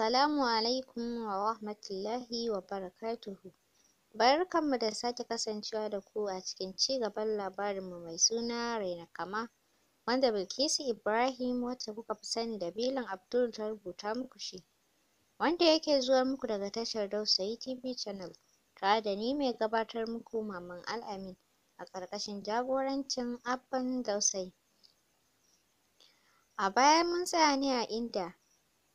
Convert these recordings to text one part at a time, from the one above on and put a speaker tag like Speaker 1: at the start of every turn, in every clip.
Speaker 1: Salamu alaikum wa rahmatullahi wa barakatuhu. Barkanmu da sake kasancewa da ku a cikin ci gaban labarinmu mai suna Raina Kama, wanda Bilkisu Ibrahim wacce kuka fi sani da Bilin Abdul ta rubuta muku shi, wanda yake zuwa muku daga tashar Dausayi TV Channel, tare da ni mai gabatar muku Maman Al'amin, a ƙarƙashin jagorancin Abban Dausayi. A baya mun tsaya ne a inda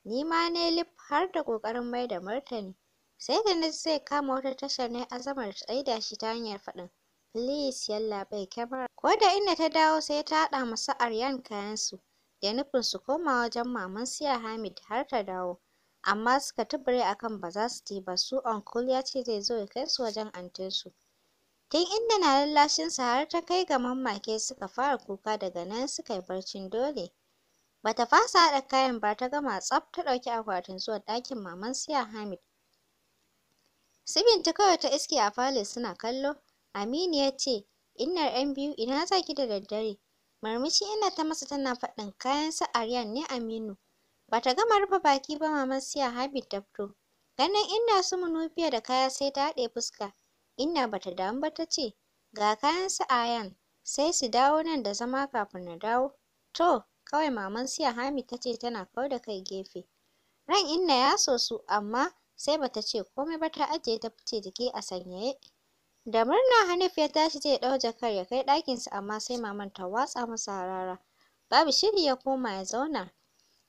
Speaker 1: Ni ma na yi lif har da ƙoƙarin mai da martani. Sai da na zai kama wata tashar na azamar tsaida shi ta hanyar faɗin. Please yallaɓai kyamara. Ko da inda ta dawo sai ta haɗa masu Aryan kayansu da nufin su koma wajen maman siya Hamid har ta dawo. Amma suka tubure akan ba za su je ba su uncle ya ce zai zo ya kai su wajen antinsu. Tun inda na lallashinsa har ta kai ga mammake suka fara kuka daga nan suka yi barcin dole. Bata fasa haɗa kayan ba ta gama tsaf ta ɗauki akwatin zuwa ɗakin maman siya Hamid. Su Binta kawai ta iske a falo suna kallo. Aminu ya ce, Innar ‘yan biyu ina za ki da daddare? Marmashi ina ta masa tana faɗin kayan sa Aryan ne Aminu. Bata gama rufe baki ba maman siya Hamid ta fito. Ganin Inna su Munufiya da kaya sai ta haɗe fuska. Inna bata damu ba ta ce, ga kayan su Aryan sai su dawo nan da zama kafin na dawo. To, Kawai maman siya hami ta ce tana kawar da kai gefe. Ran inna ya so su amma sai bata ce komai ba ta ajiye ta fice jiki a sanyaye. Da murna Hanif ya tashi zai ɗau jakar ya kai ɗakinsa amma sai maman ta watsa masa harara. Babu shiri ya koma ya zauna.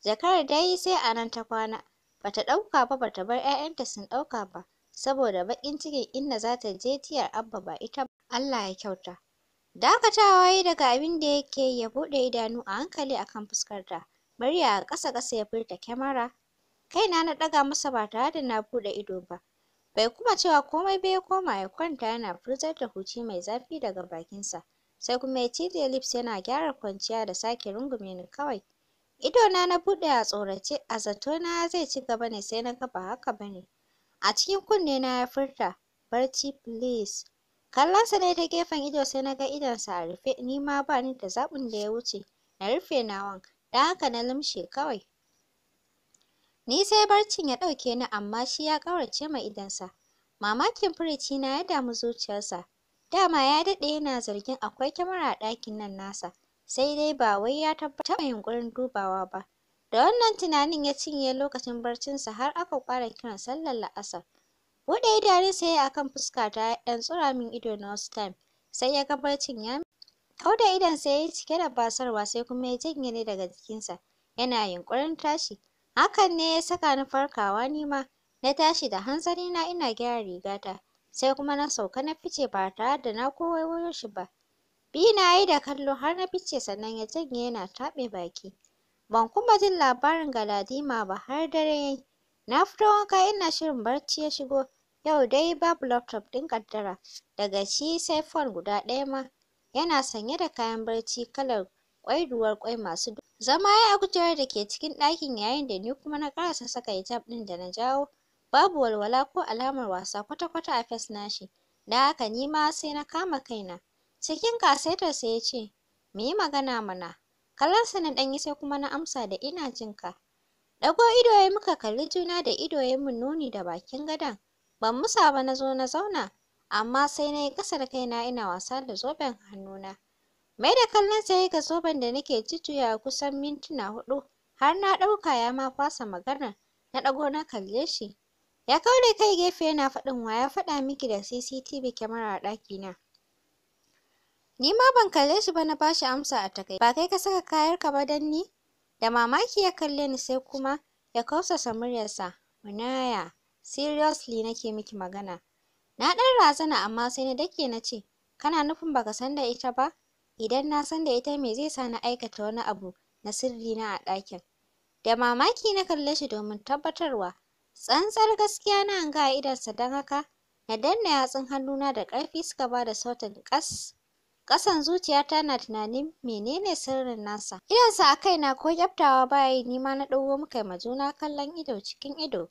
Speaker 1: Jakar dai sai a nan ta kwana. Bata ɗauka ba bata bar 'ya'yanta sun ɗauka ba. Saboda baƙin cikin inna za ta je tiyar Abba ba ita ba. Allah ya kyauta. Dakatawa ya daga abin da yake ya buɗe idanu a hankali a kan ta bari a ƙasa-ƙasa ya furta kyamara. Kaina na ɗaga masa ba tare da na buɗe ido ba. Bai kuma cewa komai ba ya koma ya kwanta yana furtar da huci mai zafi daga bakinsa. Sai kuma ya cije lips yana gyara kwanciya da sake rungume ni kawai. Idona na buɗe a tsorace, a zato na zai ci gaba ne sai na ga ba haka bane A cikin kunne na ya furta, "Barci please." Kallonsa ne ta gefen ido sai na ga idonsa a rufe, ni ma ba ni da zaɓin da ya wuce na rufe nawan, don haka na lumshe kawai. Ni sai barcin ya ɗauke ni amma shi ya ƙaurace ma idonsa. Mamakin firici na ya damu zuciyarsa, dama ya daɗe yana zargin akwai kyamara a ɗakin nan nasa, sai dai ba wai ya tabbatar taɓa gurin dubawa ba. Da wannan tunanin ya cinye lokacin barcinsa har aka ƙara kiran sallar la'asar. Buɗe idanunsa ya akan a kan fuskata ya ɗan tsura min ido na wasu time. Sai ya gabar cin ya Kau da idonsa ya yi cike da basarwa sai kuma ya janye ni daga jikinsa. Yana yunƙurin tashi. Hakan ne ya saka ni farkawa ni ma. Na tashi da hanzari na ina gyara rigata. Sai kuma na sauka na fice ba tare da na ko shi ba. Bi na yi da kallo har na fice sannan ya janye yana taɓe baki. Ban kuma jin labarin Galadima ba har dare ya yi. Na fito wanka ina shirin barci ya shigo. Yau dai babu laptop ɗin ƙaddara, daga shi sai phone guda ɗaya ma. Yana sanye da kayan barci kalar ƙwaiduwar ƙwai masu duhu. Zama ya kujerar da ke cikin ɗakin yayin da ni kuma na ƙarasa saka hijab ɗin da na jawo. Babu walwala ko alamar wasa kwata-kwata a fes nashi, Da haka ni ma sai na kama kaina. Cikin sa ya ce, mu yi magana mana. Kallonsa na ɗan sai kuma na amsa da ina jinka ka. Ɗago ido ya muka kalli juna da ido ya mun nuni da bakin gadon. Ban musa ba na zo na zauna, amma sai na yi ƙasa da kaina ina wasa da zoben hannuna. Mai da kallon sai ga zoben da nake jujjuya kusan mintuna huɗu, har na ɗauka ya ma fasa magana, na ɗago na kalle shi. Ya kaure kai gefe yana faɗin wa ya faɗa miki da CCTV kyamara a ɗakina. Ni ma ban kalle shi ba na bashi amsa a takai. Ba kai ka saka kayar ka ba dan ni? Da mamaki ya kalle ni sai kuma ya kausasa muryarsa. Munaya, seriously nake miki magana na ɗan razana amma sai na dake na ce kana nufin baka san da ita ba idan na san da ita me zai sa na aikata wani abu na sirri na a ɗakin da mamaki na kalle shi domin tabbatarwa tsantsar gaskiya na hanga a idonsa don haka na danna yatsun hannuna da ƙarfi suka ba da sautin kasan ƙasan zuciyata na tunanin menene sirrin nasa idonsa a kaina ko kyaftawa baya yi nima na ɗauko muka ma juna kallon ido cikin ido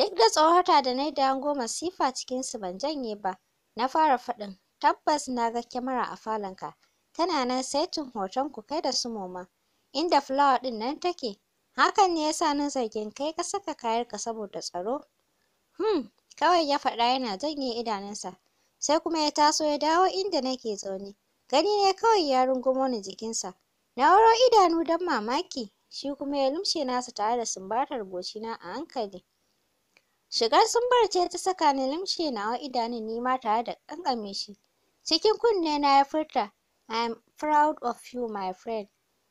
Speaker 1: Duk da tsohota da na yi da hango masifa cikinsu ban janye ba, na fara faɗin tabbas na ga kyamara a falonka, tana nan saitin hoton ku kai da su moma, inda fulawa ɗin nan take, hakan ne ya sa na zargin kai ka saka kayarka saboda tsaro. Hmm, kawai ya faɗa yana janye idanunsa, sai kuma ya taso ya dawo inda nake zaune, gani ne kawai ya rungumo ni jikinsa, na wuro idanu don mamaki, shi kuma ya lumshe nasa tare da sumbatar gocina a hankali. Shigar sun barce ta saka ni limshe nawa idanun ma tare da ƙanƙame shi. Cikin kunne na ya furta, I am proud of you my friend.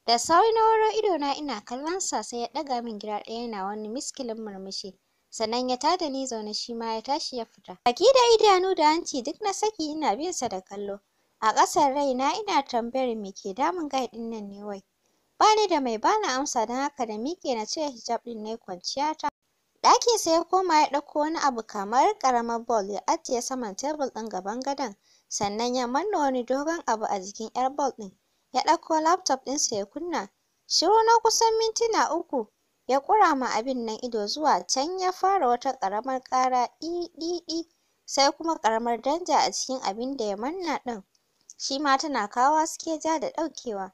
Speaker 1: Da sauri na waro ido na ina kallon sa sai ya ɗaga min gira ɗaya na wani miskilin murmushi. Sannan ya tada ni zaune shi ma ya tashi ya fita. Baki da idanu da hanci duk na saki ina bin sa da kallo. A ƙasar raina ina tambayar me ke damun gai ɗin nan ne wai. Ba ni da mai bana amsa don haka da miƙe na cire hijab ɗin na yi kwanciya ta. Ɗaki sai ya koma ya ɗauko wani abu kamar karamar ball ya ajiye saman tebul ɗin gaban gadon. Sannan ya manna wani dogon abu a jikin 'yar ball ɗin. Ya ɗauko laptop ɗinsa ya kunna. Shiru na kusan mintuna uku. Ya ƙura ma abin nan ido zuwa can ya fara wata karamar kara ɗi Sai kuma karamar danja a cikin abin da ya manna ɗin. Shi ma tana kawo haske ja da ɗaukewa.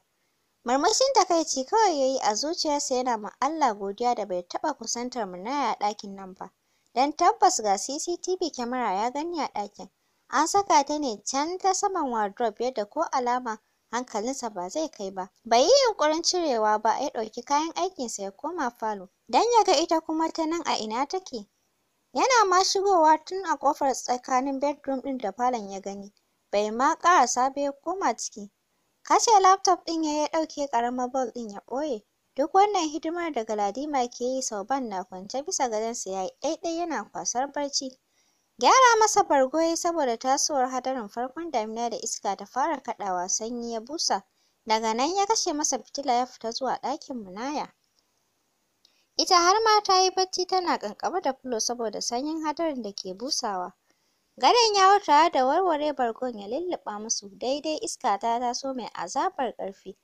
Speaker 1: Marmashin takaici kawai ya yi a zuciyarsa yana ma Allah godiya da bai taɓa kusantar mu Munaya a ɗakin nan ba, don tabbas ga CCTV kyamara ya gani a ɗakin. An saka ta ne can ta saman wardrobe yadda ko alama hankalinsa ba zai kai ba. Bai yi yunƙurin cirewa ba ya ɗauki kayan aikinsa ya koma falo don ya ga ita kuma ta nan a ina take. Yana ma shigowa tun a ƙofar tsakanin bedroom ɗin da falon ya gani, bai ma ƙarasa ba ya koma ciki. Kashe laptop ɗin ya ya ɗauke karamar bulb ɗin ya ɓoye. Duk wannan hidimar da Galadima ke yi Sauban na kwance bisa gadonsa ya yi ɗaiɗai yana kwasar barci. Gyara masa bargo ya saboda tasowar hadarin farkon damina da iska ta fara kaɗawa sanyi ya busa. Daga nan ya kashe masa fitila ya fita zuwa ɗakin Munaya. Ita har ma tayi yi bacci tana kankaba da fulo saboda sanyin hadarin da ke busawa. Gadon ya hau da warware barkon ya lulluɓa musu, daidai iska ta taso mai azabar ƙarfi.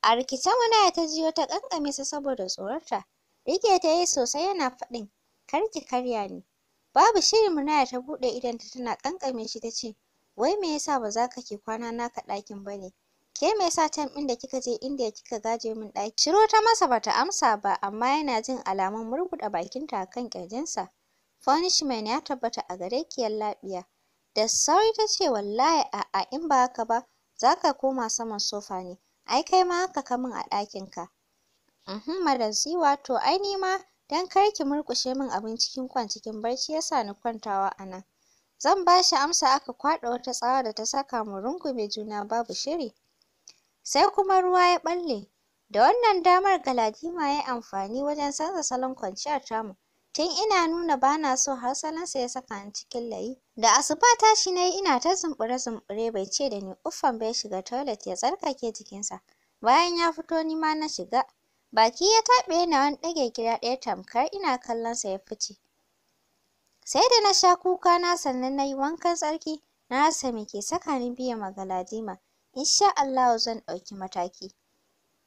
Speaker 1: A rikice Munaya ta jiyo ta ƙanƙame su saboda tsorata. Rike ta yi sosai yana faɗin, kar ki karya ni. Babu shiri Munaya ta buɗe idonta tana ƙanƙame shi ta ce, wai me yasa ba za ka ke kwana naka ɗakin ba ne? Ke me yasa can ɗin kika je Indiya kika gaje min ɗaki? Shiro ta masa bata amsa ba, amma yana jin alamun murguɗa bakinta a kan ƙirjinsa. punishment ya tabbata a gare ki yallaɓiya da sauri ta ce wallahi a'a in ba haka ba za ka koma saman sofa ne ai kai ma haka ka min a ɗakinka uhum madam ziwa to ai ni ma don kar ki murƙushe min abin cikin kwan cikin barci ya sa ni kwantawa a nan zan ba shi amsa aka kwaɗa wata tsawa da ta saka mu rungume juna babu shiri sai kuma ruwa ya ɓalle da wannan damar galadima ya yi amfani wajen canza salon kwanciyar tamu Tun ina nuna bana so har salansa ya saka ni cikin layi. Da asuba tashi na yi ina ta zumbure-zumbure bai ce da ni uffan bai shiga toilet ya tsarkake jikinsa. Bayan ya fito ni ma na shiga. Baki ya taɓe yana wani ɗage gida ɗaya tamkar ina kallon sa ya fice. Sai da na sha kuka na sannan nayi wankan tsarki. Na sami ke saka ni biya magaladima Insha Allah, zan ɗauki mataki.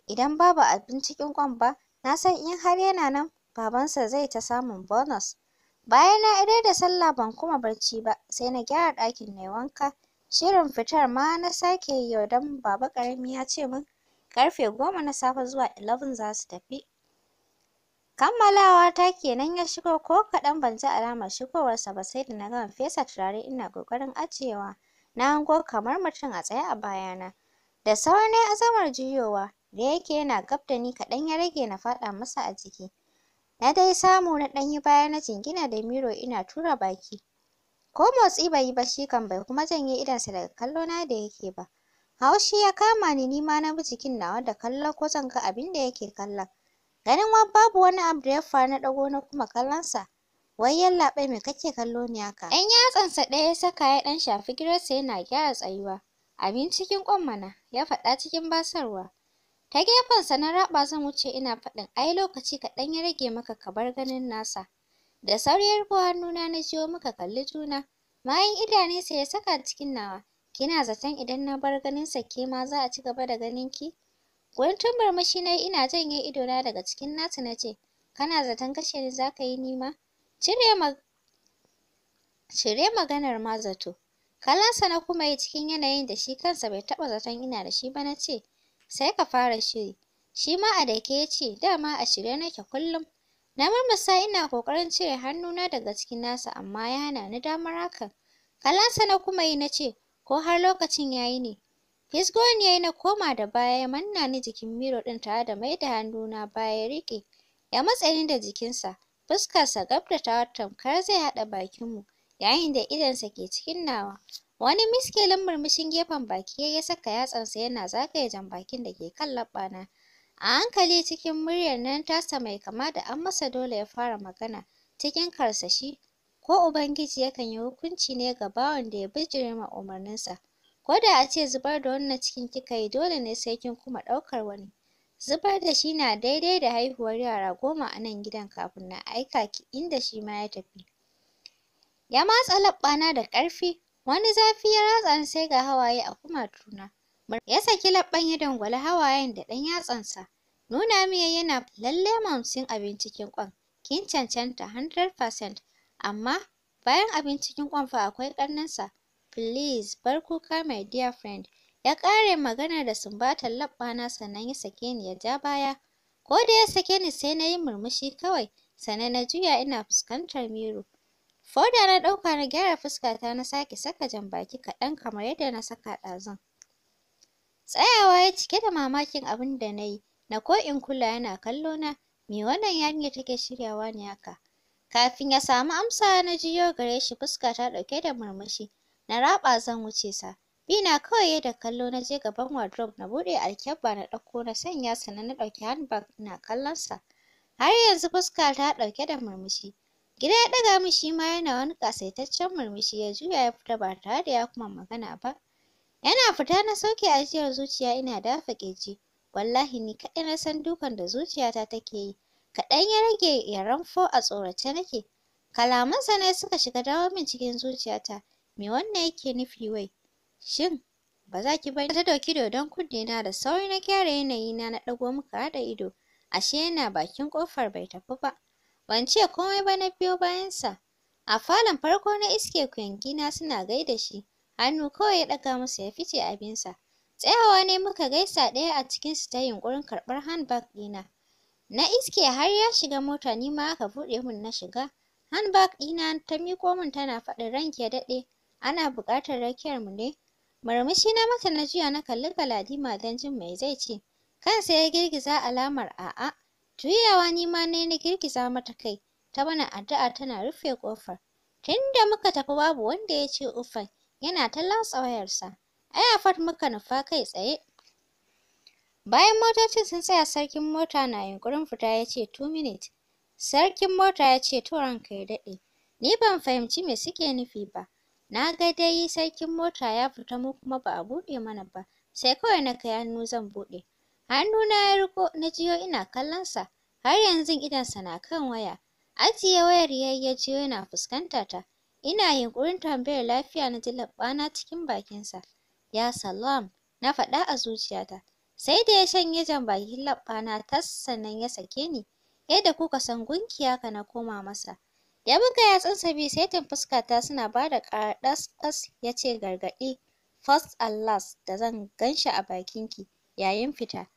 Speaker 1: Idan babu abin cikin kwan ba, na san in har yana nan babansa zai ta samun bonus. Bayan na idar da sallah ban kuma barci ba, sai na gyara ɗakin na wanka. Shirin fitar ma na sake yau don baba ƙarami ya ce min ƙarfe goma na safe zuwa 11 za su tafi. Kammalawa ta kenan ya shigo ko kaɗan ban ji alamar shigowarsa ba sai da na gama fesa turare ina ƙoƙarin ajiyewa. Na hango kamar mutum a tsaye a bayana. Da sauri azamar juyowa, da yake yana gab da ni kaɗan ya rage na faɗa masa a jiki. Na dai samu na ɗan yi baya na jingina da miro ina tura baki. Ko motsi bai yi ba shi kan bai kuma janye idonsa daga kallo na da yake ba. Haushi ya kama ni ni na bi jikin nawa da kallon ko zan ga abin da yake kallon. Ganin wa babu wani abu da ya faru na dago na kuma kallon sa? Wai yallaɓai me kake kallo ni haka? Ɗan yatsansa ɗaya ya saka ya ɗan shafi girarsa yana gyara tsayuwa. Abin cikin ƙwan mana, ya faɗa cikin basarwa. Ta gefensa na raɓa zan wuce ina faɗin ai lokaci kaɗan ya rage maka ka bar ganin nasa. Da sauri ko hannuna na jiyo muka kalli juna. Bayan idanunsa ya saka cikin nawa. Kina zaton idan na bar ganinsa ke ma za a ci gaba da ganin ki? tumbar mashi na ina janye idona daga cikin nasa na ce, kana zaton kashe ni za ka yi nima? ma? Cire ma Cire maganar ma zato. Kalansa na kuma yi cikin yanayin da shi kansa bai taɓa zaton ina da shi ba na ce, sai ka fara shiri. Shi ma a dake ya ce, dama a shirya nake kullum. Na marmasa ina kokarin cire hannuna daga cikin nasa amma ya hana ni damar hakan. Kalansa na kuma yi na ce, ko har lokacin ya yi ne. Fisgoni ya yi na koma da baya ya manna ni jikin miro ɗin tare da mai da hannuna baya ya riƙe. Ya matse ni da jikinsa, fuskarsa gab da tawa tamkar zai haɗa bakinmu, yayin da idonsa ke cikin nawa. Wani miskilin murmushin gefen baki ya saka yatsansa yana zagaye jan bakin da ke kan labbana. A hankali cikin muryar nan tasa mai kama da an masa dole ya fara magana cikin karsashi ko Ubangiji yakan yi hukunci ne ga bawan da ya bijire ma umarninsa. Ko da a ce zubar da wannan cikin kika yi dole ne sai kin kuma ɗaukar wani. Zubar da shi na daidai da haihuwar yara goma a nan gidan kafin na aika ki inda shi ma ya tafi. Ya matsa labbana da ƙarfi Wani zafi ya ratsa ni sai ga hawaye a kumatuna. Ya saki labban ya dangwala hawayen da ɗan yatsansa. Nuna miya yana lalle mamsin abin cikin ƙwan. Kin cancanta 100%. Amma bayan abin cikin ƙwan fa akwai ƙarninsa. Please bar kuka my dear friend. Ya ƙare magana da sumbatar labbana sannan ya sake ni ya ja baya. Ko da ya sake ni sai na yi murmushi kawai. Sannan na juya ina fuskantar miro. Foda na ɗauka na gyara fuskata na sake saka jan baki kaɗan kamar yadda na saka ɗazun. Tsayawa ya cike da mamakin abin da na yi, na ko in kula yana kallo na, me wannan yarinya take shiryawa ne haka? Kafin ya samu amsa na jiyo gare shi fuska ta ɗauke da murmushi, na raɓa zan wuce sa. bi na kawai yadda kallo na je gaban wardrobe na buɗe alkyabba na ɗauko na sanya sannan na ɗauki handbag ina kallon sa. Har yanzu fuska ta ɗauke da murmushi. Gida ya ɗaga min shi ma yana wani ƙasaitaccen murmushi ya juya ya fita ba tare da ya kuma magana ba. Yana fita na sauke ajiyar zuciya ina dafa ƙirji. Wallahi ni kaɗai na san dukan da zuciyata take yi. Kaɗan ya rage ya ranfo a tsorace nake. Kalamansa ne suka shiga dawo min cikin zuciyata. Me wannan yake nufi wai? Shin ba za ki bari ta ɗauki dodon kunnena da sauri na gyara yanayi na na ɗago muka haɗa ido. Ashe yana bakin kofar bai tafi ba. Ban ce komai ba na biyo bayansa. A falon farko na iske kwangina suna gaida shi, hannu kawai ya ɗaga musu ya fice abinsa. Tsayawa ne muka gaisa ɗaya a cikinsu ta yunƙurin karɓar handbag ɗina. Na iske har ya shiga mota ni ma aka buɗe mun na shiga. Handbag ɗina ta miƙo mun tana faɗin ranki ya daɗe, ana buƙatar mu ne. Murmushi na mata na jiya na kalli Galadima don jin mai zai ce. Kansa ya girgiza alamar a'a. Juyawa ni ma na na girgiza mata kai, ta mana addu'a tana rufe ƙofar. Tunda muka tafi babu wanda ya ce ufan, yana ta latsa wayarsa. Ayafat muka nufa kai tsaye. Bayan motocin sun tsaya sarkin mota na yunkurin fita ya ce two minutes. Sarkin mota ya ce to ranka ya daɗe. Ni ban fahimci me suke nufi ba. Na ga dai sarkin mota ya fita mu kuma ba a buɗe mana ba. Sai kawai na kai hannu zan buɗe. hannuna ya riko na jiyo ina kallonsa har yanzu idonsa na kan waya ajiye wayar yayi ya jiyo yana fuskanta ta ina yunkurin tambayar lafiya na ji labbana cikin bakinsa ya salam na faɗa a zuciyata sai da ya shanye jan bakin labbana tas sannan ya sake ni yadda kuka san gunkiya ka na koma masa ya buga yatsunsa biyu saitin fuskata suna ba da ƙara ɗas ya ce gargaɗi first and last da zan gan shi a bakinki yayin fita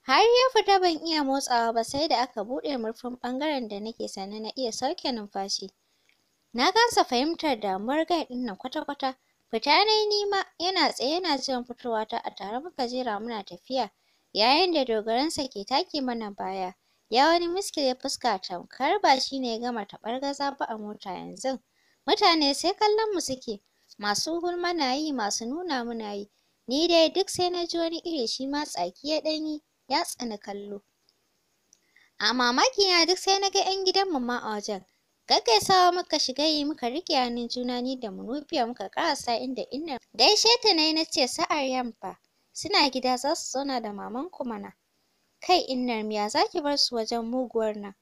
Speaker 1: Har ya fita ban iya motsawa ba sai da aka buɗe murfin ɓangaren da nake sannan na iya sauke numfashi. Na gasa fahimtar damuwar gai ɗin nan kwata-kwata. Fita na yi nima yana tsaye yana jiran fitowata a tare muka jera muna tafiya yayin da dogaransa ke take mana baya. Ya wani ya fuska tamkar ba shi ne ya gama taɓargaza ba a mota yanzu. Mutane sai kallon mu suke, masu hulma na yi masu nuna muna yi. Ni dai duk sai na ji wani iri shi ma tsaki ya ɗanyi ya tsani kallo. A mamaki na duk sai na ga 'yan gidanmu ma a wajen. Gaggaisawa muka shiga yi muka riƙe hannun juna ni da Munufiya muka ƙarasa inda inna. Gaishe ta na yi na ce sa'ar fa suna gida za su zauna da maman ku mana. Kai innar ya za bar su wajen muguwar nan?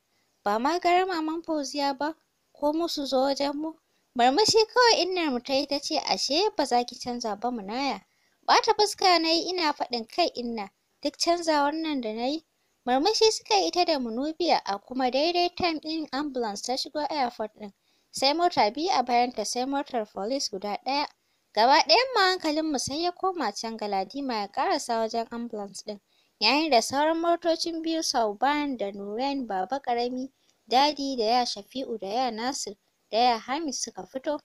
Speaker 1: Ba ma gara maman Fauziya ba ko mu zo wajen mu? Murmushi kawai innar mu ta yi ta ce ashe ba za ki canza ba munaya. bata fuska nayi ina faɗin kai inna. duk canzawar nan da na yi murmushi suka yi ita da munubiya a kuma daidai time ɗin ambulance ta shigo airport ɗin sai mota biyu a ta, sai motar police guda ɗaya gaba ɗayan mu hankalinmu sai ya koma can galadima ya ƙarasa wajen ambulance ɗin yayin da sauran motocin biyu sauban da nuren baba karami dadi da ya shafi'u da ya nasir da ya hamis suka fito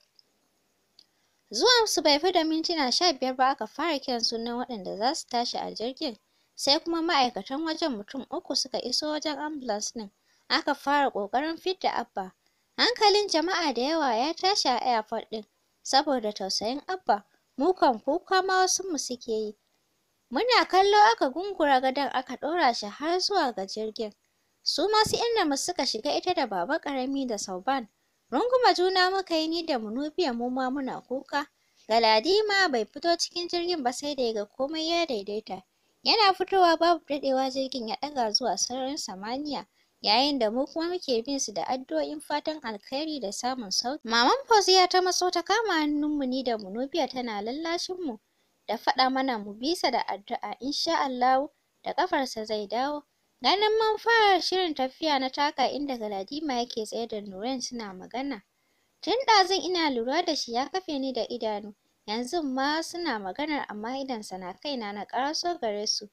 Speaker 1: su bai fi da mintuna sha biyar ba aka fara kiran sunan waɗanda za su tashi a jirgin. sai kuma ma'aikatan wajen mutum uku suka iso wajen ambulance ɗin aka fara ƙoƙarin fidda Abba. Hankalin jama'a da yawa ya tashi a airport ɗin saboda tausayin Abba, mu kan kuka ma mu suke yi. Muna kallo aka gungura gadon aka ɗora shi har zuwa ga jirgin. Su masu inda suka shiga ita da Baba karami da Sauban. Runguma juna muka yi ni da Munubiya mu ma muna kuka. Galadima bai fito cikin jirgin ba sai da ya ga komai ya daidaita. Yana fitowa babu daɗewa jirgin ya ɗaga zuwa sararin samaniya, yayin da mu kuma muke bin su da addu'o'in fatan alkhairi da samun sauki. Maman Fauziya ta matso ta kama hannunmu ni da Munubiya tana mu da faɗa mana mu bisa da addu'a insha Allahu da ƙafarsa zai dawo. Ganin mun shirin tafiya na taka inda Galadima yake tsaye da Nuren suna magana. Tun ɗazun ina lura da shi ya kafe ni da idanu. yanzu ma suna maganar amma idonsa na kaina na ƙaraso gare su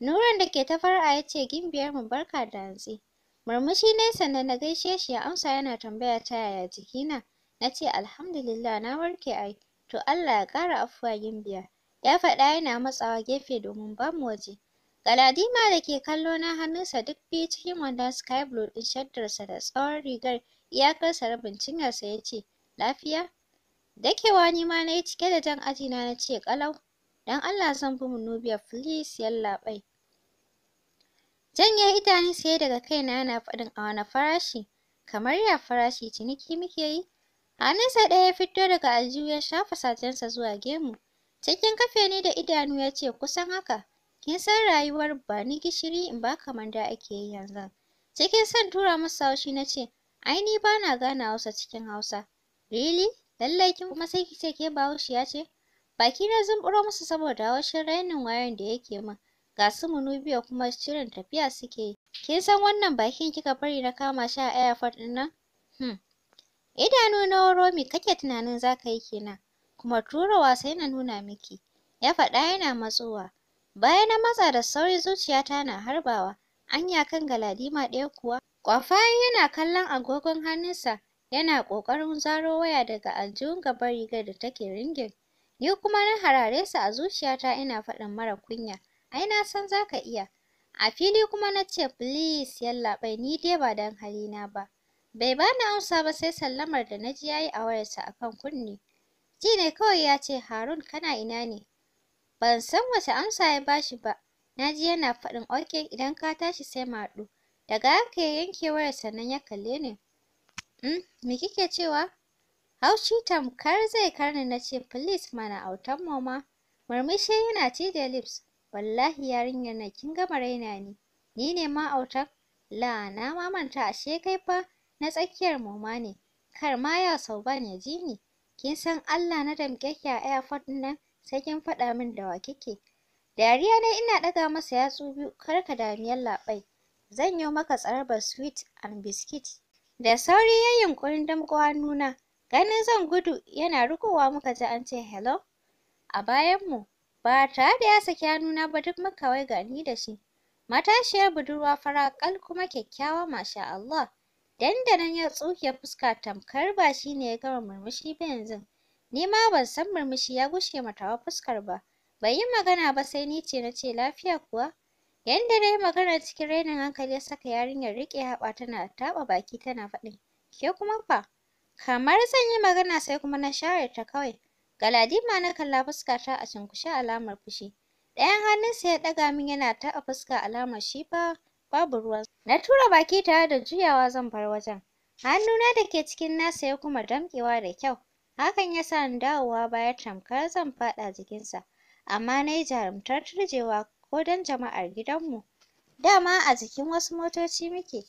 Speaker 1: nuran da ke ta fara'a ya ce gimbiyar mu barka da hantsi murmushi ne sannan na gaishe shi ya amsa yana tambaya ta yaya jikina na ce alhamdulillah na warke ai to Allah ya ƙara afuwa gimbiya ya faɗa yana matsawa gefe domin mu waje Galadima da ke kallo na hannunsa duk biyu cikin wandon sky blue ɗin shaddarsa da tsawon rigar iyakarsa rabin cinyarsa ya ce lafiya Dakewa ni ma na yi cike da jan ajina na ce ƙalau, don Allah zan bi Munubiya please yallaɓai. Janye idanu sai daga kaina yana faɗin a wani farashi, kamar ya farashi ciniki muke yi. Hannunsa ɗaya ya fito daga aljihu ya shafa sajensa zuwa gemu. Cikin kafe ne da idanu ya ce kusan haka, kin san rayuwar ba ni gishiri in ba kamar da ake yi yanzu. Cikin son tura masa haushi na ce, ai ni ba na gane Hausa cikin Hausa. Really? lallai kin kuma sai ki ce ke ya ce baki na zumburo musu saboda haushin rainin wayan da yake min ga su munubiya kuma shirin tafiya suke yi kin san wannan bakin kika bari na kama shi a airport din nan hmm idanu na kake tunanin za ka yi kenan kuma turowa sai na nuna miki ya faɗa yana matsowa bayan na matsa da sauri zuciyata na harbawa anya kan galadima ɗaya kuwa kwafa yana kallon agogon hannunsa yana ƙoƙarin zaro waya daga aljihun gaban rigar da take ringin. Ni kuma na harare sa a zuciyata ina faɗin mara kunya, ai na san za ka iya. A fili kuma na ce please yallaɓai ni dai ba don halina ba. Bai bani amsa ba sai sallamar da na ji ya yi a wayarsa a kan kunne. Ji ne kawai ya ce Harun kana ina ne? Ban san wace amsa ya bashi ba. Na ji yana faɗin o'ke idan ka tashi sai mu haɗu. Daga haka ya yanke wayarsa nan ya kalle ni. Miki hmm, me kike cewa? Haushi tamkar zai karni na ce please mana autan mama. Murmushi yana da lips. Wallahi yarinyar na. kin gama raina ne? Ni ne ma autan? La na ma manta ashe kai fa na tsakiyar mama ne. Kar ma ya sau ban ya ji ni. Kin san Allah na damƙe ki a airport nan sai kin faɗa min da wa kike. Dariya ne ina ɗaga masa yatsu biyu kar ka dami yallaɓai. Zan yi maka tsarbar sweet and biscuit Da sauri ya yunkurin damƙo hannuna, ganin zan gudu yana rukowa muka ji an ce hello a bayanmu. Ba tare da ya saki hannuna ba duk muka wai gani da shi. Matashiyar budurwa fara kal kuma kyakkyawa masha Allah. Dandanan ya tsuke fuska tamkar ba shi ne ya gama murmushi ba yanzu. Ni ma ban san murmushi ya gushe mata wa fuskar ba. Bai yi magana ba sai ni ce na ce lafiya kuwa? Yanda dai magana cikin rainin hankali ya saka yarinyar riƙe haɓa tana taɓa baki tana faɗin, ke kuma fa? Kamar zan yi magana sai kuma na share ta kawai. Galadima na kalla fuskata a cunkushe alamar fushi. Ɗayan hannunsa ya ɗaga min yana taɓa fuska alamar shi fa babu ruwan. Na tura baki tare da juyawa zan bar wajen. Hannuna da ke cikin nasa ya kuma damƙewa da kyau. Hakan ya sa ni dawowa baya tamkar zan faɗa jikinsa. Amma na yi jarumtar turjewa ko don jama'ar gidanmu. Dama a jikin wasu motoci muke.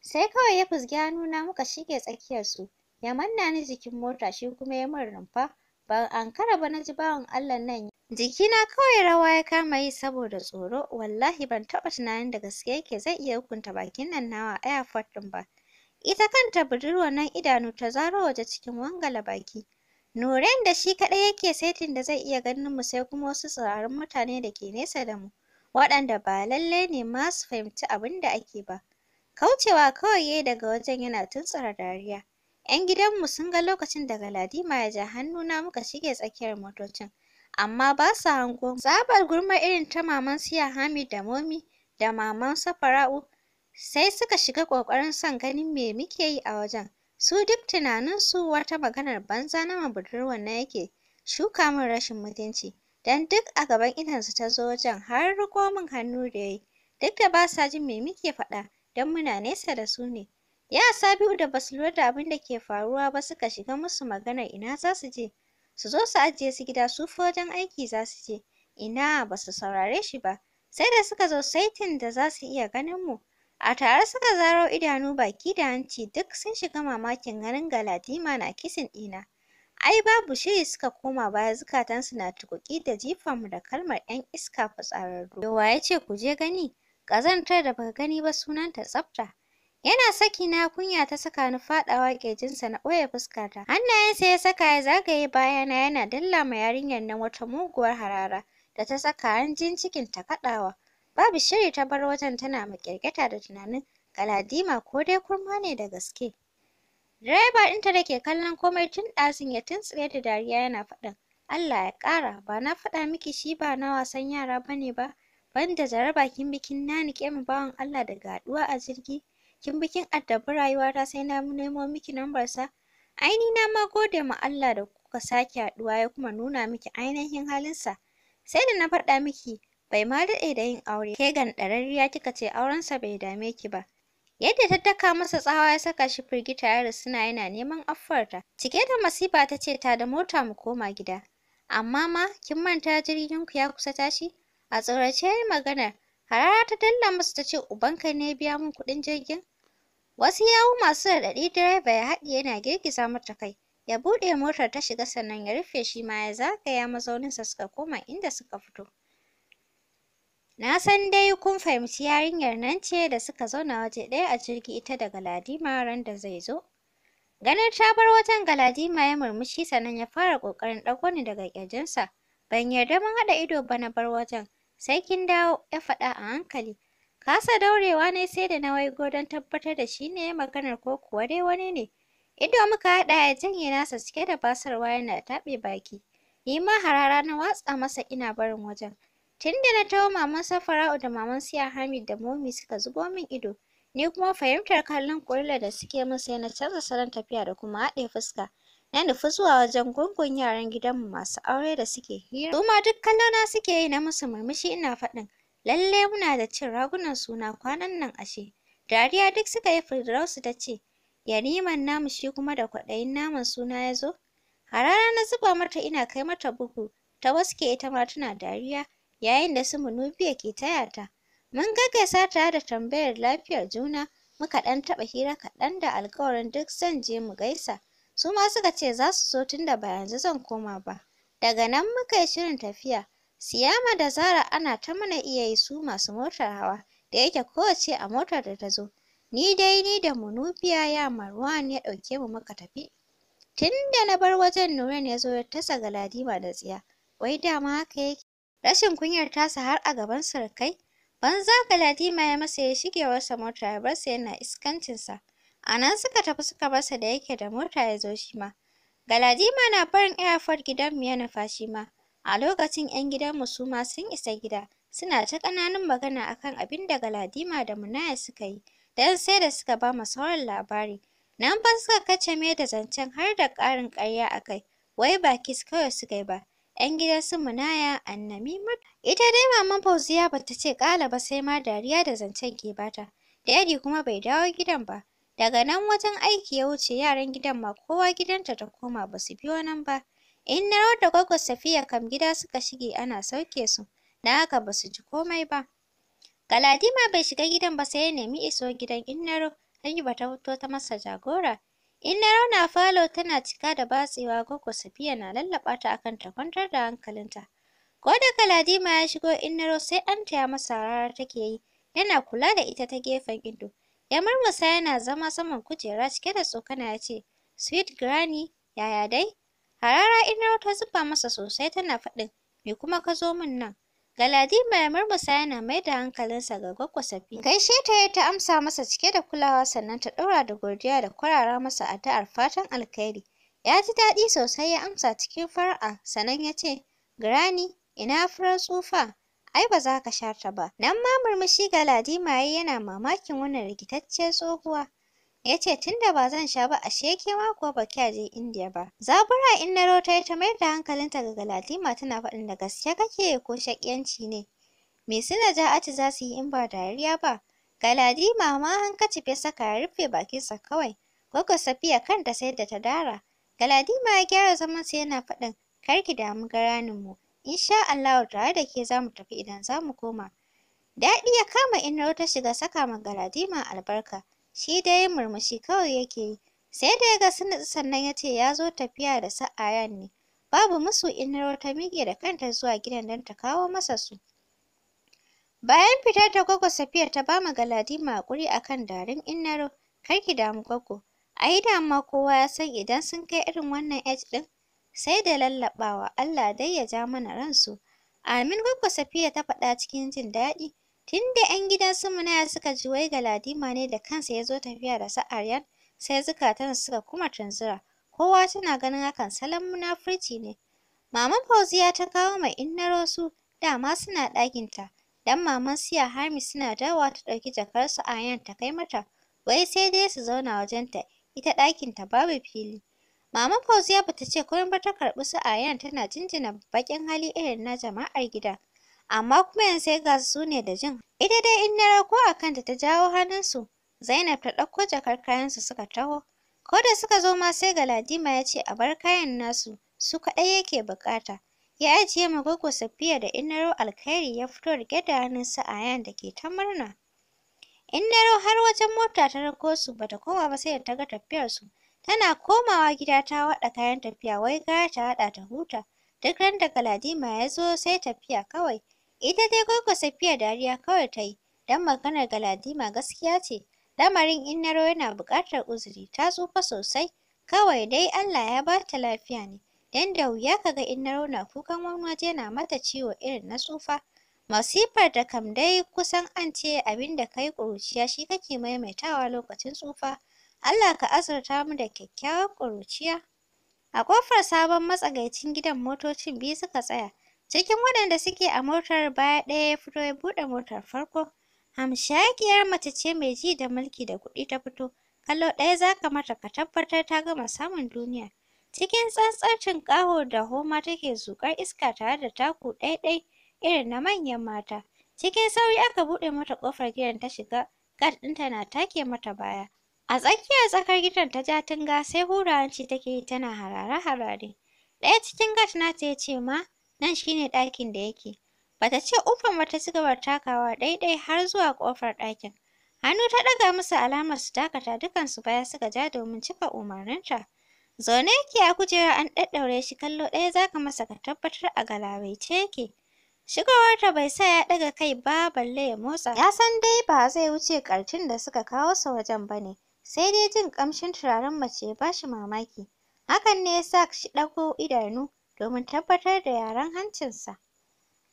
Speaker 1: Sai kawai ya fusgi hannuna muka shige tsakiyarsu. Ya manna ni jikin mota shi kuma ya min rumfa. Ban ankara ba na ji bawan Allah nan Jikina kawai rawa ya kama yi saboda tsoro, wallahi ban taɓa tunanin da gaske yake zai iya hukunta bakin nan nawa a airport ɗin ba. Ita kanta budurwa nan idanu ta zaro waje cikin wangala baki. Noren da shi kaɗai yake saitin da zai iya ganin mu sai kuma wasu tsirarin mutane da ke nesa da mu. waɗanda ba lallai ne ma su fahimci abin da ake ba. Kaucewa kawai yayi daga wajen yana tuntsura dariya. ‘Yan gidanmu sun ga lokacin da Galadima ya ja hannuna muka shige tsakiyar motocin, amma ba sa hango Tsabar gurma irin ta maman su Hamid da Momi da maman Safara'u sai suka shiga ƙoƙarin son ganin me muke yi a wajen. Su duk tunaninsu wata maganar banza na budurwar na yake shuka min rashin mutunci. don duk a gaban su ta zo wajen har riko min hannu da yayi duk da ba sa jin me muke faɗa don muna nesa da su ne ya Sabi'u da basu lura da abin da ke faruwa ba suka shiga musu magana, ina za su je su zo su ajiye su gida su fa wajen aiki za su je ina ba su saurare shi ba sai da suka zo saitin da za su iya ganin mu a tare suka zaro idanu baki da hanci duk sun shiga mamakin ganin Galadima na kisin ɗina ai babu shiri suka koma baya zukatansu na tukuki da jifanmu da kalmar 'yan iska fitsararru. Yowa ya ce ku je gani, ƙazantar da baka gani ba sunan ta tsafta. Yana saki na kunya ta saka ni faɗawa ƙirjinsa na ɓoye fuskata. Hannayensa ya saka ya zagaye bayana yana dalla ma yarinyar nan wata muguwar harara da ta saka hanjin cikin ta kaɗawa. Babu shiri ta bar wajen tana maƙyarƙyata da tunanin galadima ko dai kurma ne da gaske. Direba ɗinta da ke kallon komai tun ɗazun ya tuntsire da dariya yana faɗin, Allah ya ƙara, ba na faɗa miki shi ba na wasan yara bane ne ba, banda jaraba kin bi kin nanike min bawan Allah daga haɗuwa a jirgi, kin bi kin addabi rayuwata sai na nemo miki lambarsa. Ai ni na ma gode ma Allah da kuka sake haɗuwa ya kuma nuna miki ainihin halin sa Sai da na faɗa miki bai ma daɗe da yin aure, ke ɗararriya kika ce aurensa bai dame ki ba. Yadda ta daka masa tsawa ya saka shi firgita ya suna yana neman affarta. Cike da masifa ta ce ta da mota mu koma gida. Amma ma kin manta jirgin ku ya kusa tashi? A tsorace ya yi maganar. Harara ta dalla masa ta ce ubanka ne ya biya min kuɗin jirgin? Wasu yawu masu raɗaɗi direba ya haɗiye yana girgiza mata kai. Ya buɗe motar ta shiga sannan ya rufe shi ma ya zagaya mazauninsa suka koma inda suka fito. Na san dai kun fahimci yarinyar nan ce da suka zauna waje ɗaya a jirgi ita da Galadima ran da zai zo. Ganin ta bar wajen Galadima ya murmushi sannan ya fara ƙoƙarin ɗauko ni daga ƙirjinsa. Ban yarda mun haɗa ido ba na bar wajen, sai kin dawo, ya faɗa a hankali. Kasa daurewa ne sai da na waigo don tabbatar da shi ne maganar ko kuwa dai wani ne. Ido muka haɗa ya janye nasa cike da basarwa yana taɓe baki. Ni ma harara na watsa masa ina barin wajen. Tun da na taho maman Safara'u da maman Siya Hamid da Momi suka zubo min ido, ni kuma fahimtar kallon kurla da suke min sai na canza salon tafiya da kuma haɗe fuska. Na nufi zuwa wajen gungun yaran gidanmu masu aure da suke hira. Suma ma duk na suke yi na musu murmushi ina faɗin, lalle muna da cin ragunan suna kwanan nan ashe. Dariya duk suka yi Firdausu ta ce, yariman namu shi kuma da kwaɗayin naman suna ya zo. A rana na zuba mata ina kai mata bugu, ta waske ita ma tana dariya. yayin da su Munubiya ke taya ta. Mun gaggasa tare da tambayar lafiyar juna, muka ɗan taɓa hira kaɗan da alƙawarin duk zan je mu gaisa. Su ma suka ce za su zo tunda ba yanzu zan koma ba. Daga nan muka yi shirin tafiya. Siyama da Zara ana ta mana iya yi su masu motar hawa, da yake kowace a motar da ta zo. Ni dai ni da Munubiya ya Marwan ya ɗauke mu muka tafi. Tun da na bar wajen Nuran ya zo ya tasa Galadima da tsiya, wai dama haka yake. Rashin kunyar tasa har a gaban surukai. Banza Galadima ya masa ya shige wasa mota ya barsa yana iskancinsa. A nan suka tafi suka barsa da yake da mota ya zo shi ma. Galadima na barin for gidanmu ya nufa ma. A lokacin 'yan gidanmu su ma sun isa gida. Suna ta ƙananun magana akan abin da Galadima da Munaya suka yi. Don sai da suka ba mu sauran labari. Nan fa suka kacame da zancen har da ƙarin ƙarya a kai. Wai ba kis kawai suka yi ba. 'yan gidan su Munaya Annamimat. Ita dai maman Fauziya bata ce ƙala ba sai ma dariya da zancen ke bata. da yadi kuma bai dawo gidan ba. Daga nan wajen aiki ya wuce yaran gidan ma kowa gidanta ta koma basu biyo nan ba. In rawar da Gwaggo Safiya kam gida suka shige ana sauke su, na haka basu ji komai ba. Galadima bai shiga gidan ba sai ya nemi iso gidan Innaro, Habiba ta fito ta masa jagora. In na rauna falo tana cika da batsewa Goggo Safiya na lallaɓa ta akan ta kwantar da hankalinta. Ko da Kaladima ya shigo in na sai an taya masa harara take yi, yana kula da ita ta gefen ido. Ya murmusa yana zama saman kujera cike da tsokana ya ce, Sweet Granny, yaya dai? Harara in ta zuba masa sosai tana faɗin, me kuma ka zo min nan? Galadima ya murmusa yana mai da hankalinsa ga Gwaggo Gaishe ta ya ta amsa masa cike da kulawa sannan ta ɗaura da godiya da kwarara masa addu'ar fatan alkhairi. Ya ji daɗi sosai ya amsa cikin fara'a sannan ya ce, Granny, ina furar tsufa? Ai ba za ka sha ta ba. Nan ma murmushi Galadima ya yana mamakin wannan rikitacciyar tsohuwa. Ya ce tunda ba zan sha ba ashe ke ma ko ba kya je Indiya ba. Zabura in na rota ta mayar da hankalinta ga Galatima tana faɗin da gaske kake ko shakiyanci ne. Me suna ja'atu za su yi in ba dariya ba? Galadima ma hankaci ya saka ya rufe bakinsa kawai. gogo Safiya kanta sai da ta dara. Galadima ya gyara sai yana faɗin kar ki damu mu Insha Allahu tare da ke zamu tafi idan zamu koma. Daɗi ya kama na ta shiga saka ma Galadima albarka. shi dai murmushi kawai yake yi sai da ya ga Sinat sannan ya ce ya zo tafiya da sa'a Ayan ne babu musu inar wata miƙe da kanta zuwa gidan don ta kawo masa su bayan fitar da Gwaggo Safiya ta ba ma Galadima a kan darin Inaro kar ki damu Gwaggo ai dama kowa ya san idan sun kai irin wannan age ɗin sai da lallaɓawa Allah dai ya ja mana ransu amin Gwaggo Safiya ta faɗa cikin jin daɗi Tun da 'yan gida su Munaya suka ji wai Galadima ne da kansa ya zo tafiya da su Aryan, sai zukatan suka kuma tunzura. Kowa tana ganin hakan salon munafurci ne. Maman Fauziya ta kawo mai innaro su, dama suna ɗakinta. Dan maman Siya Hami suna dawowa ta ɗauki jakar su Aryan ta kai mata, wai sai dai su zauna wajenta, ita ɗakinta babu fili. Maman Fauziya bata ce komai ba ta karɓi su Aryan tana jinjina baƙin hali irin na jama'ar gida. amma kuma yanzu sai gasu su ne da jin. Ita dai in na rako a kanta ta jawo hannunsu, Zainab ta ɗauko jakar kayansu suka taho. Ko da suka zo ma sai Galadima ya ce a bar kayan nasu, su kaɗai yake buƙata. Ya ajiye ma gogo Safiya da Innaro alkhairi ya fito riƙe da hannun a yayin da ke ta murna. Innaro har wajen mota ta rako su bata koma ba sai da ta ga tafiyarsu. Tana komawa gida ta waɗa kayan tafiya wai gara ta haɗa ta huta. Duk ran da Galadima ya zo sai tafiya kawai. Ita dai Goggo Safiya dariya kawai ta yi, don maganar Galadima gaskiya ce. Lamarin ro yana buƙatar uzuri, ta tsufa sosai. Kawai dai Allah ya ba ta lafiya ne, don da wuya ka ga Innaro na kukan wani waje na mata ciwo irin na tsufa. Masifar da kam dai kusan an ce abin da ka yi ƙuruciya shi kake maimaitawa lokacin tsufa. Allah ka azurta mu da kyakkyawan ƙuruciya. A ƙofar sabon matsagaicin gidan motocin biyu suka tsaya, Cikin waɗanda suke a motar baya ɗaya ya fito ya buɗe motar farko. Hamshakiyar mace ce mai ji da mulki da kuɗi ta fito. Kallo ɗaya za ka mata ka tabbatar ta gama samun duniya. Cikin tsantsar ƙaho da homa take zukar iska tare da taku ɗaiɗai irin na manyan mata. Cikin sauri aka buɗe mata ƙofar gidan ta shiga, gad ɗinta na take mata baya. A tsakiyar tsakar gidan ta ja tinga sai hurawanci take yi tana harare-harare. Ɗaya cikin gad nata ya ce ma, nan shine ɗakin da yake. Bata ce ufan ba ta da takawa daidai har zuwa ƙofar ɗakin. Hannu ta ɗaga musu alamar su dakata dukansu baya suka ja domin cika umarninta. Zaune yake a kujera an ɗaɗɗaure shi kallo ɗaya zaka masa ka tabbatar a galabaice yake. Shigowarta bai sa ya ɗaga kai ba balle ya motsa. Ya san dai ba zai wuce ƙarfin da suka kawo sa wajen ba ne, sai dai jin ƙamshin turaren mace ya ba shi mamaki. Hakan ne ya sa shi ɗago idanu domin tabbatar da yaren hancinsa.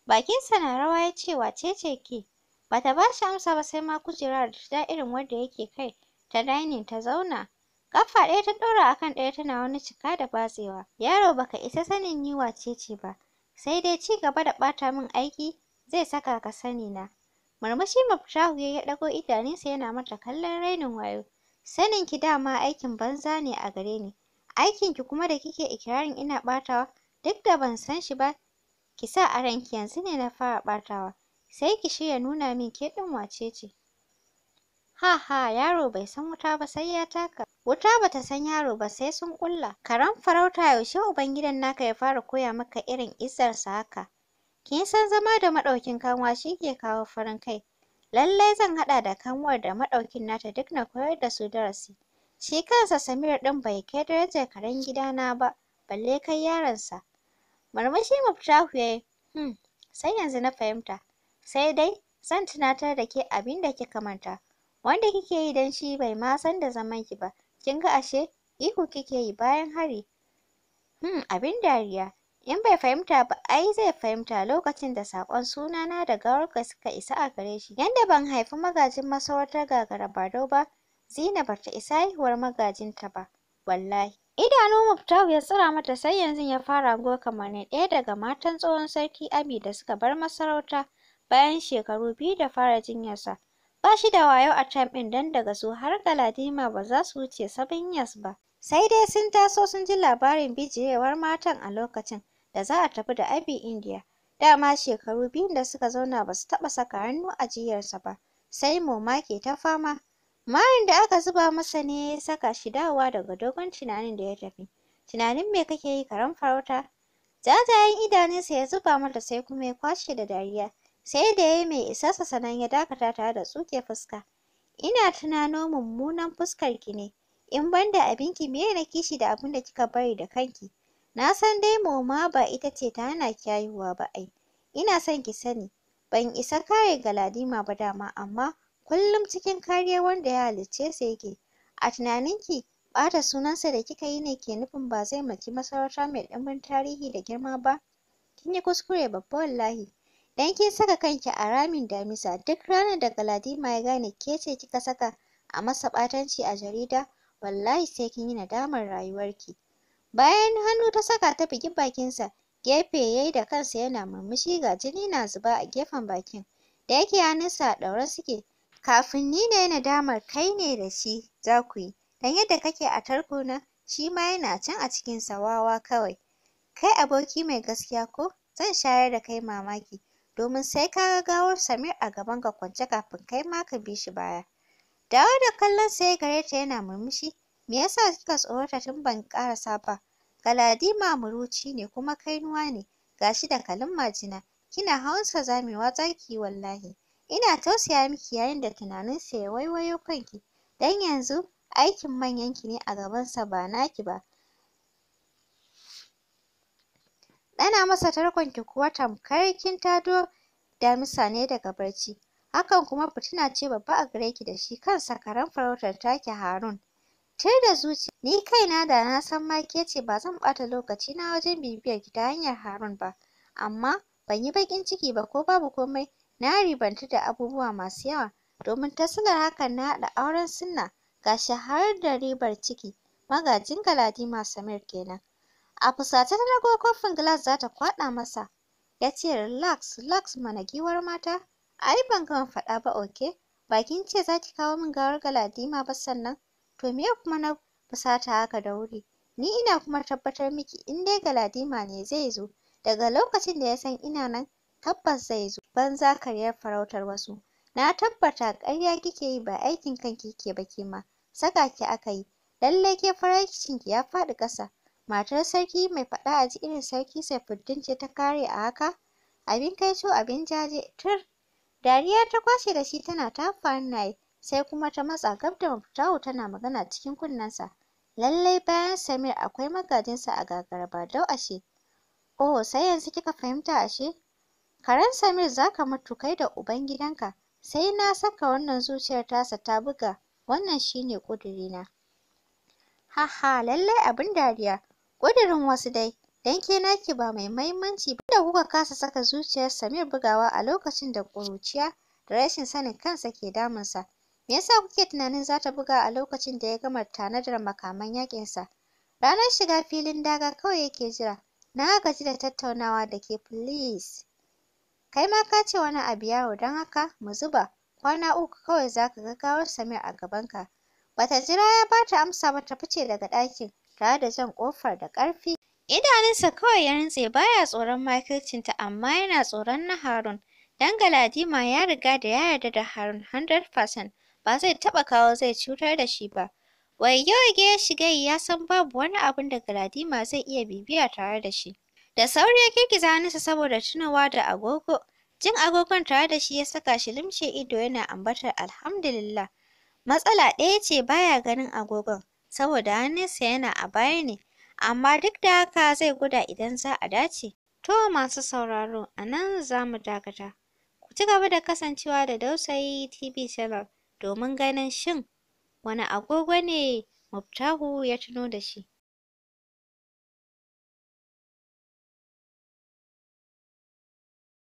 Speaker 1: Bakinsa na rawa ya ce wace ce ke? Ba ta ba shi amsa ba sai ma kujerar da ta irin wanda yake kai ta dining ta zauna. kafa ɗaya ta ɗora a kan ɗaya tana wani cika da batsewa. Yaro baka isa sanin ni wace ce ba, sai dai ci gaba da ɓata min aiki zai saka ka sani na. Murmushi Muftahu ya ya ɗago idanunsa yana mata kallon rainin wayo. Sanin ki dama aikin banza ne a gare ni. Aikin ki kuma da kike ikirarin ina ɓatawa duk da ban san shi ba ki sa a ranki yanzu ne na fara ɓatawa sai ki shirya nuna min ke ɗin wace ce ha ha yaro bai san wuta ba sai ya taka wuta ba ta san yaro ba sai sun ƙulla karen farauta yaushe ubangidan naka ya fara koya maka irin sa haka kin san zama da maɗaukin kanwa shi ke kawo farin kai lallai zan haɗa da kanwar da maɗaukin nata duk na koyar da su darasi shi kansa Samir ɗin bai kai darajar karen gidana ba balle kai yaronsa Marmashi Muftahu ya yi, hmm, sai yanzu na fahimta. Sai dai zan tunatar da ke abin da kika manta. Wanda kike yi don shi bai ma san da zaman ki ba. Kin ga ashe ihu kike yi bayan hari. Hmm, abin dariya. In bai fahimta ba ai zai fahimta lokacin da saƙon sunana da gawar ka suka isa a gare shi. Yanda ban haifi magajin masarautar Gagara Bado ba, Zina bata isa haihuwar magajinta ba, wallahi. Idanun Muftau ya tsira mata sai yanzu ya fara kamar ne ɗaya daga matan tsohon sarki Abi da suka bar masarauta bayan shekaru biyu da fara jinyarsa. Ba shi da wayo a time ɗin don daga su har Galadima ba za su wuce sabon yas ba. Sai dai sun taso sun ji labarin bijiyewar matan a lokacin da za a tafi da Abi Indiya. Dama shekaru biyun da suka zauna ba su taɓa saka hannu a jiyarsa ba, sai Moma ke ta fama. Marin da aka zuba masa ne ya saka shi dawowa daga dogon tunanin da ya tafi. Tunanin me kake yi karen farauta? Jajayen idanunsa ya zuba mata sai kuma ya kwashe da dariya. Sai da ya yi mai isarsa sannan ya dakata tare da tsuke fuska. Ina tunano mummunan fuskar ki ne. In ban da abinki me na kishi da abin da kika bari da kanki. Na san dai moma ba ita ce ta hana ki haihuwa ba ai. Ina son ki sani. Ban isa kare Galadima ba dama amma kullum cikin kariyar wanda ya halicce su yake a tunaninki ɓata sunansa da kika yi ne ke nufin ba zai maki masarauta mai ɗimbin tarihi da girma ba kin yi kuskure babba wallahi dan kin saka kanki a ramin damisa duk ranar da galadima ya gane ke ce kika saka a masa ɓatanci a jarida wallahi sai kin yi nadamar rayuwarki bayan hannu ta saka ta bugi bakinsa gefe ya yi da kansa yana murmushi ga jini na zuba a gefen bakin da yake hannunsa a ɗaure suke kafin ni na nadamar kai ne da shi za ku yi don yadda kake a tarko na shi ma yana can a cikin sawawa kawai kai aboki mai gaskiya ko zan shayar da kai mamaki domin sai ka ga gawar Samir a gaban ka kwance kafin kai ma ka bi shi baya dawo da kallon sai gare ta yana murmushi me yasa kika tsorata tun ban ƙarasa ba galadima muruci ne kuma kainuwa ne gashi da kalin majina kina hawan sa zamewa za ki yi wallahi Ina tausaya miki yayin da tunaninsa ya waiwayo kanki, dan yanzu aikin manyan ki ne a gabansa ba naki ba. Ɗana masa tarkonki kuwa tamkar kin tado damisa ne daga barci. Hakan kuma fitina ce babba a gare ki da shi kansa karen farautar taki Harun. Tir da zuciya, ni kaina da na san ma ke ce ba zan ɓata lokacina wajen bibiyar ki ta hanyar Harun ba, amma ban yi baƙin ciki ba ko babu komai na ribanta da abubuwa masu yawa domin ta sanar hakan na haɗa auren Sunna gashi har da ribar ciki magajin Galadima Samir kenan. A fusace ta ɗago kofin glass za ta kwaɗa masa ya ce relax relax mana giwar mata ai ban gama faɗa ba oke bakin ce za ki kawo min gawar Galadima ba sannan to me kuma na fusata haka da wuri ni ina kuma tabbatar miki in dai Galadima ne zai zo daga lokacin da ya san ina nan tabbas zai zo banza karyar farautar wasu na tabbata ƙarya kike yi ba aikin kanki kike ba ke ma saka ki aka yi lallai ke kicin ki ya faɗi ƙasa matar sarki mai faɗa a ji irin sarki Saifuddin ce ta kare a haka abin kai co abin jaje tur dariya ta kwashe da shi tana ta hannaye sai kuma ta matsa gab da mafitahu tana magana cikin kunnensa lallai bayan Samir akwai magajinsa a gagarba dau ashe oh sai yanzu kika fahimta ashe Karen Samir za ka mutu kai da Ubangidanka, sai na saka wannan zuciyar tasa ta buga, wannan shi ne ƙudurina. ha, lallai abin dariya, ƙudurin wasu dai, don ke naki ba mai mahimmanci ba da kuka kasa saka zuciyar Samir bugawa a lokacin da ƙuruciya da rashin sanin kansa ke damunsa. Me yasa kuke tunanin za ta buga a lokacin da ya gama tanadar makaman yaƙinsa? Ranar shiga filin daga kawai yake jira. Na gaji da tattaunawa da ke please. Kai ma ka ce wani abu yaro don haka mu zuba. Kwana uku kawai za ka ga gawar Samir a gabanka. Bata jira ya ba ta amsa ba ta fice daga ɗakin tare da jan ƙofar da ƙarfi. Idanunsa kawai ya rintse baya tsoron ta, amma yana tsoron na Harun. Dan Galadima ya riga da ya yarda da Harun 100% ba zai taɓa kawo zai cutar da shi ba. Wayyo ya shiga ya san babu wani abin da Galadima zai iya bibiya tare da shi. Da sauri ya girgiza hannunsa saboda tunawa da agogo. Jin agogon tare da shi ya saka shi limshe ido yana ambatar alhamdulillah. Matsala ɗaya ce baya ganin agogon saboda hannunsa yana a baya ne. Amma duk da haka zai guda idan za a dace. To masu sauraro a nan za mu dakata. Ku ci gaba da kasancewa da Dausayi TV Channel domin ganin shin wane agogo ne Muftahu ya tuno da shi.